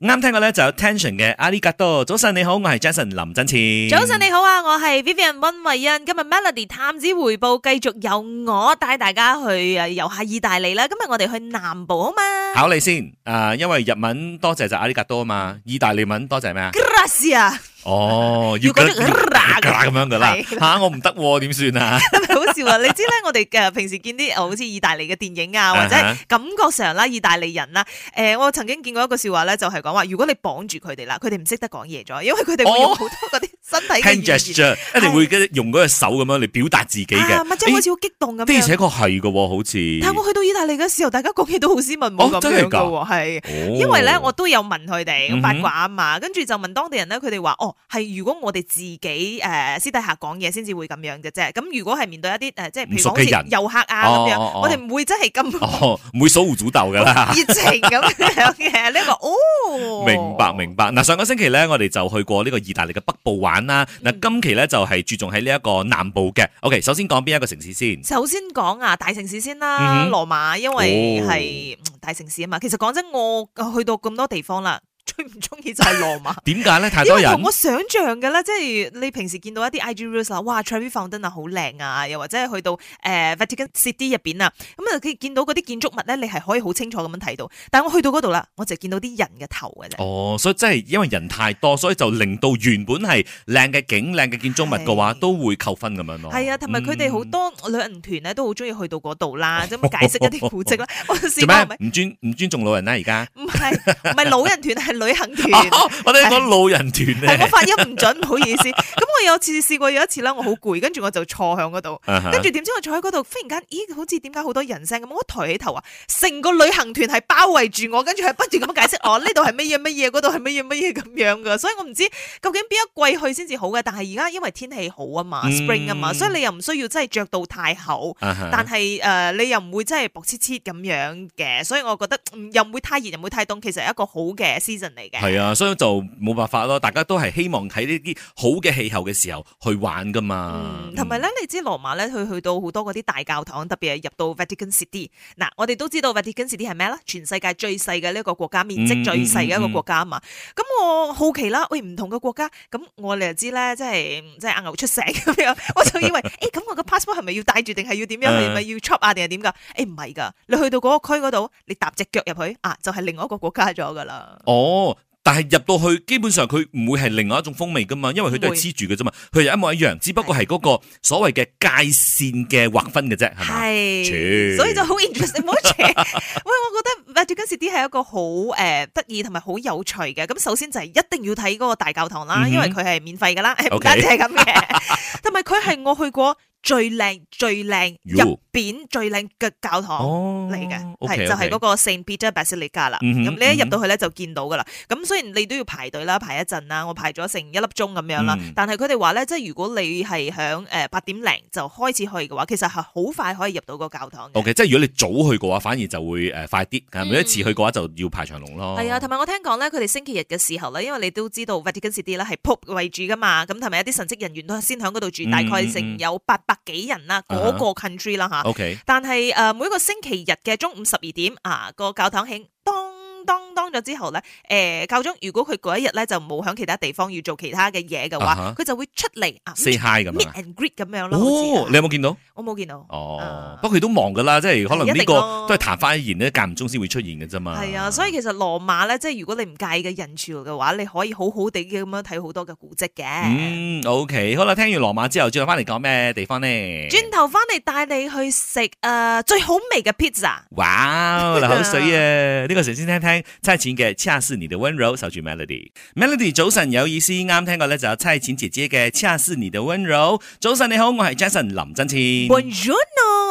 啱聽過咧就有 Tension 嘅阿里格多，早晨你好，我係 Jason 林振前。早晨你好啊，我係 Vivian 溫慧欣。今日 Melody 探子回報，繼續由我帶大家去啊遊下意大利啦。今日我哋去南部啊嘛，考你先啊，因為日文多謝就阿里格多啊嘛，意大利文多謝咩啊？Grazie。哦，如果咁樣嘅啦，吓我唔得，點算樣啊？唔係好笑啊！ 你知咧，我哋嘅平時見啲哦，好似意大利嘅電影啊，或者感覺上啦，意大利人啦、啊，誒、呃，我曾經見過一個笑話咧，就係講話，如果你綁住佢哋啦，佢哋唔識得講嘢咗，因為佢哋會用好多嗰啲、哦。身體嘅語言，一定會用嗰隻手咁樣嚟表達自己嘅。咪即係好似好激動咁。的而且確係嘅，好似。但我去到意大利嘅時候，大家講嘢都好斯文，冇咁樣嘅喎，係。因為咧，我都有問佢哋八卦啊嘛，跟住就問當地人咧，佢哋話：哦，係如果我哋自己誒私底下講嘢，先至會咁樣嘅啫。咁如果係面對一啲誒，即係譬如講啲遊客啊咁樣，我哋唔會真係咁，唔會手舞足蹈㗎啦。熱情咁樣嘅呢個哦，明白明白。嗱，上個星期咧，我哋就去過呢個意大利嘅北部玩。啦，嗱，今期咧就係注重喺呢一個南部嘅。OK，首先講邊一個城市先？首先講啊，大城市先啦，羅馬，嗯哼，因為係大城市啊嘛。其實講真，我去到咁多地方啦。最唔中意就係羅馬，點解咧？太多人，同我想象嘅咧？即係你平時見到一啲 IG rules 啊，哇 Trevi Fountain 啊，好靚啊！又或者係去到誒 Vatican City 入邊啊，咁、呃、啊，佢見到嗰啲建築物咧，你係可以好清楚咁樣睇到。但係我去到嗰度啦，我就係見到啲人嘅頭嘅啫。哦，所以真係因為人太多，所以就令到原本係靚嘅景、靚嘅建築物嘅話，是都會扣分咁樣咯。係啊，同埋佢哋好多旅行團咧，都好中意去到嗰度啦，咁、嗯、解釋一啲古跡啦。點解唔尊唔尊重老人啦、啊，而家唔係唔係老人團係。 旅行團，哦、是我哋講老人團係我發音唔準，唔好意思。咁 我有次試過有一次啦，我好攰，跟住我就坐響嗰度，跟住點知我坐喺嗰度，忽然間，咦，好似點解好多人聲咁？我抬起頭啊，成個旅行團係包圍住我，跟住係不斷咁樣解釋我，哦， 呢度係乜嘢乜嘢，嗰度係乜嘢乜嘢咁樣噶。所以我唔知究竟邊一季去先至好嘅，但係而家因為天氣好啊嘛、mm hmm.，Spring 啊嘛，所以你又唔需要真係着到太厚，uh huh. 但係誒、uh, 你又唔會真係薄黐黐咁樣嘅，所以我覺得、嗯、又唔會太熱又唔會太凍，其實係一個好嘅 s e 係啊，所以就冇辦法咯。大家都係希望喺呢啲好嘅氣候嘅時候去玩噶嘛。同埋咧，你知羅馬咧，佢去到好多嗰啲大教堂，特別係入到 Vatican City。嗱，我哋都知道 Vatican City 係咩咧？全世界最細嘅呢個國家，面積最細嘅一個國家啊嘛。咁我好奇啦，喂，唔同嘅國家，咁我哋又知咧，即係即係牛出城咁樣。 我就以為，誒、 欸，咁我嘅 passport 係咪要帶住，定係要點樣？係咪、嗯、要 chop 啊，定係點噶？誒，唔係噶，你去到嗰個區嗰度，你踏隻腳入去啊，就係、是、另外一個國家咗噶啦。 哦，但係入到去基本上佢唔會係另外一種風味噶嘛，因為佢都係黐住嘅啫嘛，佢係一模一樣，只不過係嗰個所謂嘅界線嘅劃分嘅啫，係嘛？係，所以就好 interesting，喂， 我覺得麥迪根士啲係一個好誒得意同埋好有趣嘅。咁首先就係一定要睇嗰個大教堂啦，因為佢係免費噶啦，唔單止係咁嘅，同埋佢係我去過。最靚最靚入邊最靚嘅教堂嚟嘅，係就係嗰個聖彼得 Basilica 啦。咁你一入到去咧就見到噶啦。咁、嗯、哼雖然你都要排隊啦，排一陣啦，我排咗成一粒鐘咁樣啦。嗯、但係佢哋話咧，即係如果你係響誒八點零就開始去嘅話，其實係好快可以入到個教堂。O、okay，即係如果你早去嘅話，反而就會誒快啲。每一次去嘅話就要排長龍咯。係啊，同埋我聽講咧，佢哋星期日嘅時候咧，因為你都知道 Vatican City 咧係 Pope 為主噶嘛，咁同埋一啲神職人員都先響嗰度住，大概成有八百、嗯。幾人啦？嗰個 country 啦嚇，ok，但係誒每個星期日嘅中午十二點啊，個教堂響當當。當咗之後咧，誒，教宗如果佢嗰一日咧就冇響其他地方要做其他嘅嘢嘅話，佢就會出嚟啊，say hi，meet and greet 咁樣咯。哦，你有冇見到？我冇見到。哦，不過佢都忙噶啦，即係可能呢個都係曇花一現咧，間唔中先會出現嘅啫嘛。係啊，所以其實羅馬咧，即係如果你唔介意嘅人潮嘅話，你可以好好地咁樣睇好多嘅古蹟嘅。嗯，OK，好啦，聽完羅馬之後，轉頭翻嚟講咩地方咧？轉頭翻嚟帶你去食誒最好味嘅 pizza。哇，流口水啊！呢個時先聽聽。蔡琴嘅《恰似你的温柔》守住 Melody，Melody Mel 早晨有意思啱聽過咧就有蔡琴姐姐嘅《恰似你的温柔》早晨你好，我係 Jason 林真千，Bonjour，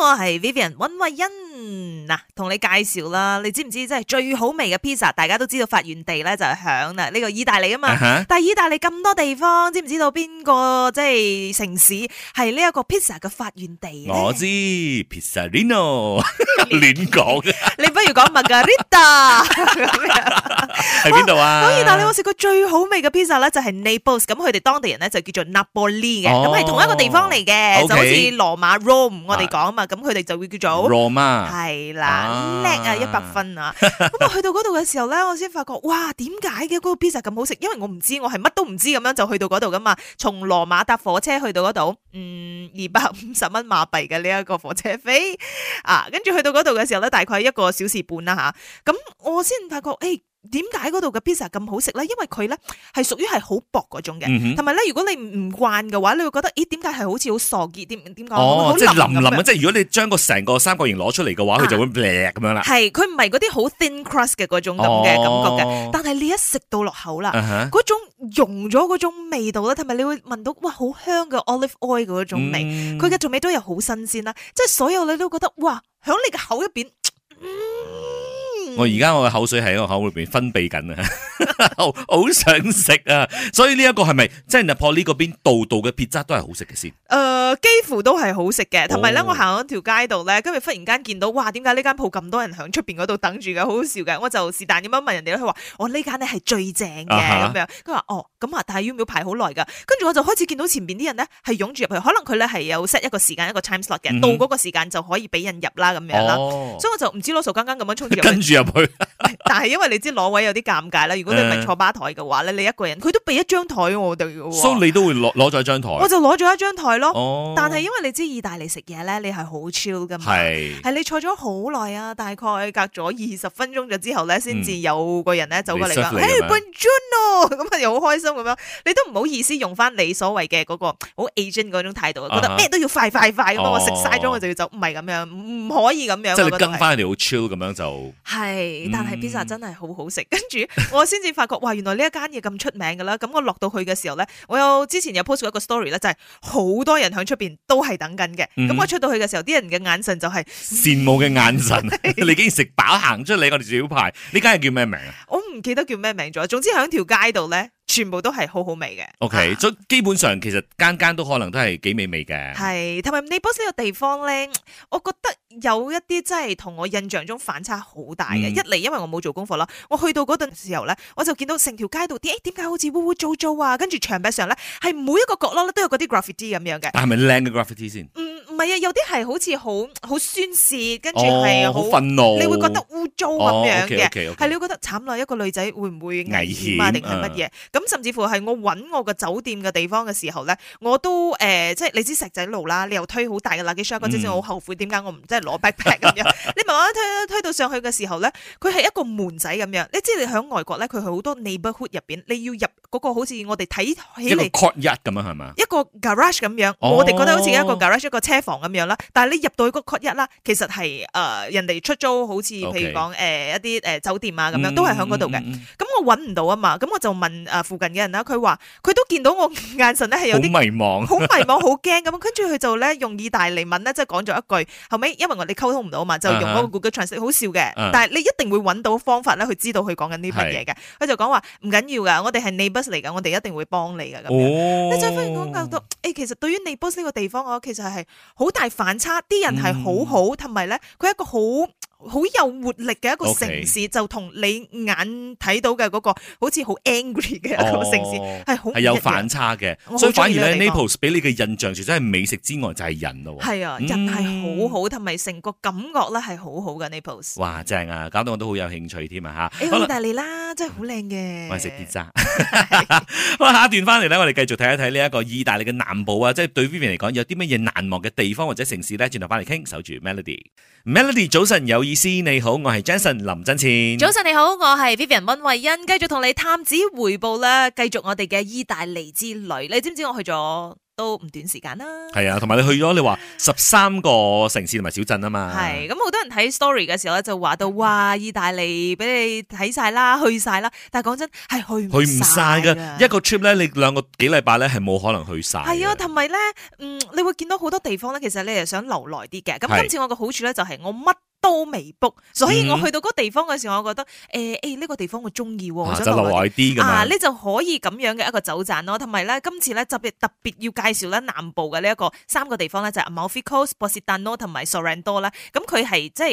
我係 Vivian 温慧欣，嗱同你介紹啦，你知唔知即係最好味嘅 pizza？大家都知道發源地咧就係響啦呢、呢個意大利啊嘛，uh huh. 但係意大利咁多地方，知唔知道邊個即係城市係呢一個 pizza 嘅發源地啊？我知，Pizzerino，亂講。 說的 不如講，瑪格麗塔，係邊度啊？所以但你有冇食過最好味嘅 pizza 咧，就係 Naples。咁佢哋當地人咧就叫做 Napoli 嘅，咁係同一個地方嚟嘅，okay. 就好似羅馬 Rome 我哋講啊嘛。咁佢哋就會叫做 Roma，係啦，叻啊一百、啊、分啊！咁 我去到嗰度嘅時候咧，我先發覺，哇點解嘅嗰個 pizza 咁好食？因為我唔知，我係乜都唔知咁樣就去到嗰度噶嘛。從羅馬搭火車去到嗰度。嗯，二百五十蚊馬幣嘅呢一個火車飛啊，跟住去到嗰度嘅時候咧，大概一個小時半啦吓，咁、啊、我先發覺，誒、欸，點解嗰度嘅披薩咁好食咧？因為佢咧係屬於係好薄嗰種嘅，同埋咧，如果你唔慣嘅話，你會覺得，咦、欸，點解係好似好傻結？點點講？哦、啊、即係腍腍嘅，即係如果你將個成個三角形攞出嚟嘅話，佢、啊、就會裂咁樣啦。係，佢唔係嗰啲好 thin crust 嘅嗰種咁嘅感覺嘅，哦、但係你一食到落口啦，uh huh. 種。溶咗嗰種味道咧，同埋你會聞到哇，好香嘅 olive oil 嗰種味，佢嘅調味都有好新鮮啦，即係所有你都覺得，哇，喺你嘅口入邊。我而家我嘅口水喺個口裏邊分泌緊啊， 好想食啊！所以呢一個係咪即係破呢個邊道道嘅撇渣都係好食嘅先？誒、呃，幾乎都係好食嘅。同埋咧，哦、我行咗條街度咧，跟住忽然間見到，哇！點解呢間鋪咁多人喺出邊嗰度等住嘅？好好笑嘅。我就是但咁樣問人哋，佢話：我呢間咧係最正嘅咁樣。佢話：哦，咁啊，但係要唔要排好耐㗎？跟住我就開始見到前邊啲人咧係湧住入去，可能佢咧係有 set 一個時間一個 time slot 嘅，嗯、哼到嗰個時間就可以俾人入啦咁樣啦。哦、所以我就唔知囉嗦，剛剛咁樣衝住。跟住 但係因為你知攞位有啲尷尬啦，如果你唔係坐吧台嘅話咧，你一個人佢都俾一張台我哋嘅，所以你都會攞攞咗一張台。我就攞咗一張台咯，但係因為你知意大利食嘢咧，你係好 chill 噶嘛，係你坐咗好耐啊，大概隔咗二十分鐘咗之後咧，先至有個人咧走過嚟話，誒，Bonjour 咁啊，又好開心咁樣，你都唔好意思用翻你所謂嘅嗰個好 agent 嗰種態度，覺得咩都要快快快咁啊，我食晒咗我就要走，唔係咁樣，唔可以咁樣，即係你跟翻你好 chill 咁樣就係。但係披薩真係好好食，跟住、嗯、我先至發覺， 哇！原來呢一間嘢咁出名噶啦，咁我落到去嘅時候咧，我有之前有 post 過一個 story 咧，就係好多人喺出邊都係等緊嘅，咁、嗯、我出到去嘅時候，啲人嘅眼神就係、是、羨慕嘅眼神， 你竟然食飽行出嚟，我哋小，小排呢間 係叫咩名啊？我唔記得叫咩名咗，總之喺條街度咧，全部都係好好味嘅。O Okay , K，、啊、基本上其實間間都可能都係幾美味嘅。係，同埋你 post 呢個地方咧，我覺得。有一啲真係同我印象中反差好大嘅，嗯、一嚟因為我冇做功課啦，我去到嗰陣時候咧，我就見到成條街度啲，誒點解好似污污糟糟啊？跟住牆壁上咧，係每一個角落都有嗰啲 graffiti 咁樣嘅。但係咪靚嘅 graffiti 先？唔係、嗯、啊，有啲係好似好好宣泄，跟住係好憤怒，你會覺得污糟咁樣嘅，係、okay, okay , okay. 你會覺得慘落一個女仔會唔會危險啊？定係乜嘢？咁、嗯、甚至乎係我揾我嘅酒店嘅地方嘅時候咧，我都誒、呃，即係你知石仔路啦，你又推好大嘅垃圾箱，嗰陣時好後悔點解我唔即係。咁 樣， 你慢慢推推到上去嘅時候咧，佢係一個門仔咁樣。你知你喺外國咧，佢好多 neighborhood 入邊，你要入嗰個好似我哋睇起嚟一,一個 court 一咁啊，係嘛？一個 garage 咁樣，oh. 我哋覺得好似一個 garage 一個車房咁樣啦。但係你入到去個 court 一啦，其實係誒、呃、人哋出租，好似譬如講誒、呃、一啲誒酒店啊咁樣，Okay. 都係喺嗰度嘅。咁、mm hmm. 我揾唔到啊嘛，咁我就問誒附近嘅人啦，佢話佢都見到我眼神咧係有啲迷茫，好迷茫，好驚咁。跟住佢就咧用意大利文咧，即係講咗一句，後尾因為我哋溝通唔到嘛，就用嗰個 Google Translate，Uh huh. 好笑嘅。Uh huh. 但係你一定會揾到方法咧，去知道佢講緊呢份嘢嘅。佢是就講話唔緊要噶，我哋係 Naples 嚟噶，我哋一定會幫你噶咁樣。Oh. 你就可以講到，誒，其實對於 Naples 呢個地方，我其實係好大反差，啲人係好好，同埋咧，佢一個好。好有活力嘅一個城市，就同你眼睇到嘅嗰個好似好 angry 嘅一個城市係好係有反差嘅，所以反而咧 Naples 俾你嘅印象除咗係美食之外就係人咯，係啊，人係好好，同埋成個感覺咧係好好嘅 Naples。哇，正啊，搞到我都好有興趣添啊吓！誒，意大利啦，真係好靚嘅，我食 pizza。好啦，下一段翻嚟咧，我哋繼續睇一睇呢一個意大利嘅南部啊，即係對 Vivian 嚟講有啲乜嘢難忘嘅地方或者城市咧，轉頭翻嚟傾。守住 Melody，Melody，早晨有。意思，你好，我係 Jason 林振前。早晨你好，我係 Vivian 溫慧欣。繼續同你探子回報啦，繼續我哋嘅意大利之旅。你知唔知我去咗都唔短時間啦？係啊，同埋你去咗你話十三個城市同埋小鎮啊嘛。係咁好多人睇 story 嘅時候咧，就話到哇意大利俾你睇晒啦，去晒啦。但係講真，係去唔去唔晒㗎。一個 trip 咧，你兩個幾禮拜咧係冇可能去晒。係 啊，同埋咧，嗯，你會見到好多地方咧，其實你係想留耐啲嘅。咁今次我嘅好處咧就係我乜。都未 book，所以我去到嗰個地方嘅時候，我覺得誒誒呢個地方我中意，啊、我想留耐啲咁啊，呢就可以咁樣嘅一個走盞咯。同埋咧，今次咧特別特別要介紹咧南部嘅呢一個三個地方咧，就係 Amalfi Coast、Positano 同埋 Sorrento 啦。咁佢係即係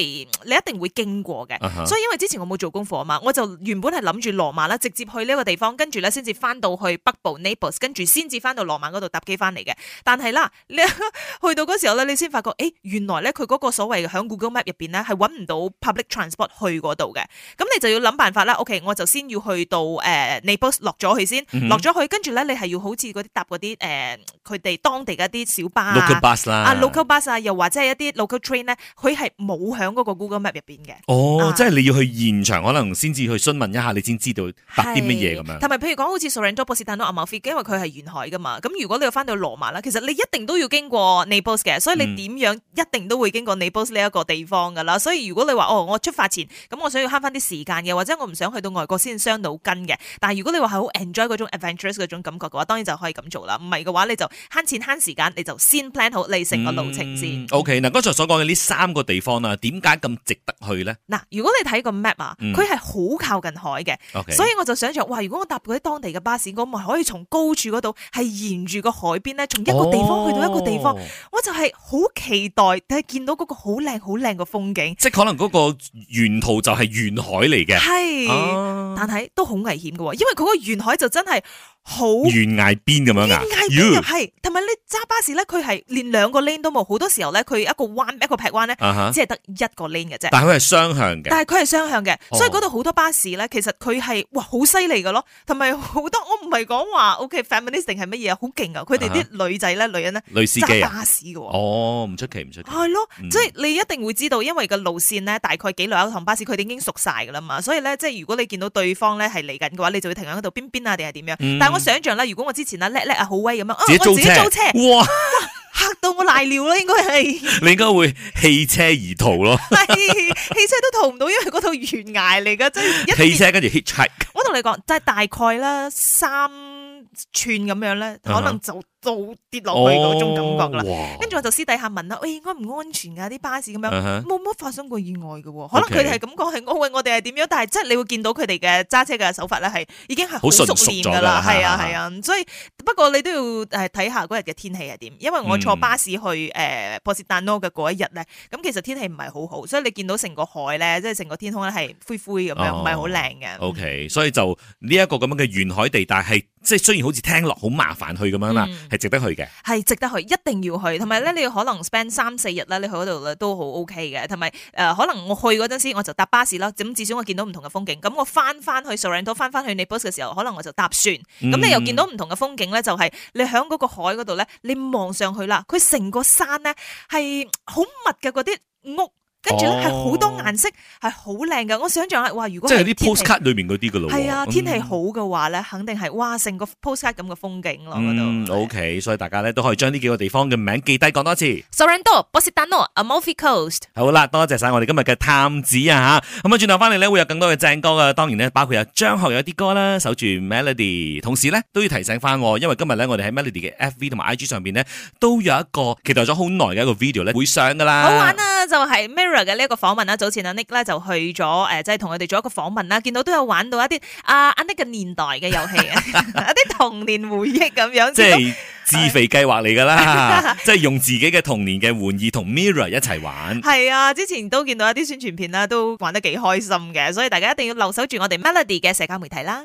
你一定會經過嘅。Uh huh. 所以因為之前我冇做功課啊嘛，我就原本係諗住羅馬啦，直接去呢個地方，跟住咧先至翻到去北部 Naples，跟住先至翻到羅馬嗰度搭機翻嚟嘅。但係啦， 你去到嗰時候咧，你先發覺誒、欸、原來咧佢嗰個所謂嘅響 Google Map 入邊咧。係揾唔到 public transport 去嗰度嘅，咁你就要諗辦法啦。OK，我就先要去到誒 Naples 落咗去先，落咗去，跟住咧你係要好似嗰啲搭嗰啲誒佢哋當地嘅一啲小巴啊，local bus 啦，啊 local bus，又或者係一啲 local train 咧，佢係冇喺嗰個 Google Map 入邊嘅。哦，啊、即係你要去現場，可能先至去詢問一下，你先知道搭啲乜嘢咁樣。同埋譬如講好似 Sorrento 巴士到阿馬菲，因為佢係沿海噶嘛，咁如果你要翻到羅馬啦，其實你一定都要經過 Naples 嘅，所以你點樣一定都會經過 Naples 呢一個地方噶啦。所以如果你話哦，我出發前咁我想要慳翻啲時間嘅，或者我唔想去到外國先傷腦筋嘅。但係如果你話係好 enjoy 嗰種 adventurous 嗰種感覺嘅話，當然就可以咁做啦。唔係嘅話，你就慳錢慳時間，你就先 plan 好你成個路程先。OK 嗱，剛、okay，才所講嘅呢三個地方啊，點解咁值得去咧？嗱，如果你睇個 map 啊，佢係好靠近海嘅，嗯、所以我就想象哇，如果我搭嗰啲當地嘅巴士，我咪可以從高處嗰度係沿住個海邊咧，從一個地方去到一個地方，哦、我就係好期待去見到嗰個好靚好靚嘅風即係可能嗰個沿途就係沿海嚟嘅。是啊但係都好危險嘅，因為佢個沿海就真係好懸崖邊咁樣噶、啊，懸崖邊係，同埋 You? 你揸巴士咧，佢係連兩個 lane 都冇，好多時候咧佢一個彎一個劈彎咧，uh huh. 只係得一個 lane 嘅啫。但係佢係雙向嘅，但係佢係雙向嘅，哦、所以嗰度好多巴士咧，其實佢係哇好犀利嘅咯，同埋好多我唔係講話，OK feminist 係乜嘢好勁啊，佢哋啲女仔咧，女人咧揸巴士嘅，哦唔出奇唔出奇，係咯，即、嗯、所以你一定會知道，因為個路線咧大概幾耐一趟巴士，佢哋已經熟晒噶啦嘛，所以咧即係如果你見到對地方咧係嚟緊嘅話，你就會停喺嗰度邊邊啊，定係點樣？嗯、但係我想象啦，如果我之前啊叻叻啊好威咁樣，啊我自己租車，哇吓到我瀨尿啦，應該係 你應該會棄車而逃咯，但係棄車都逃唔到，因為嗰度懸崖嚟噶，即係棄車 h h 跟住 hitchhike。我同你講，即係大概咧三寸咁樣咧，可能就。嗯倒下跌落去嗰種感覺啦，跟住、哦、哇我就私底下問啦，喂、哎，應該唔安全㗎、啊、啲巴士咁樣，冇乜發生過意外嘅喎，可能佢哋係咁講係安慰我哋係點樣，但係即係你會見到佢哋嘅揸車嘅手法咧係已經係好熟練㗎啦，係啊係啊，所以不過你都要誒睇下嗰日嘅天氣係點，因為我坐巴士去誒波西塔諾嘅嗰一日咧，咁其實天氣唔係好好，所以你見到成個海咧，即係成個天空咧係灰灰咁樣，唔係好靚嘅。OK，所以就呢一個咁樣嘅沿海地帶係即係雖然好似聽落好麻煩去咁樣啦。嗯係值得去嘅，係值得去，一定要去。同埋咧，你可能 spend 三四日啦，你去嗰度咧都好 O K 嘅。同埋誒，可能我去嗰陣時，我就搭巴士啦。咁至少我見到唔同嘅風景。咁我翻翻去 Sorrento，翻翻去 Naples 嘅時候，可能我就搭船。咁、嗯、你又見到唔同嘅風景咧，就係你響嗰個海嗰度咧，你望上去啦，佢成個山咧係好密嘅嗰啲屋，跟住顏色係好靚噶，我想象下，哇！如果即係啲 postcard 裏面嗰啲噶咯，係啊、嗯，天氣好嘅話咧，肯定係哇，成個 postcard 咁嘅風景咯。嗯是，O、okay, K，所以大家咧都可以將呢幾個地方嘅名記低，講多次。Sorrento, Positano, Amalfi Coast。好啦，多謝晒我哋今日嘅探子啊吓，咁啊，轉頭翻嚟咧會有更多嘅正歌啊，當然咧包括有張學友啲歌啦，守住 Melody。同時咧都要提醒翻我，因為今日咧我哋喺 Melody 嘅 F B 同埋 I G 上邊咧，都有一個期待咗好耐嘅一個 video 咧會上噶啦，好玩啊！就係 Mirror 嘅呢一個訪問啦，早前阿 Nick 咧就去咗誒，即係同佢哋做一個訪問啦，見到都有玩到一啲阿阿 Nick 嘅年代嘅遊戲， 一啲童年回憶咁樣，即係自肥計劃嚟噶啦， 即係用自己嘅童年嘅玩意同 Mirror 一齊玩。係 啊，之前都見到一啲宣傳片啦，都玩得幾開心嘅，所以大家一定要留守住我哋 Melody 嘅社交媒體啦。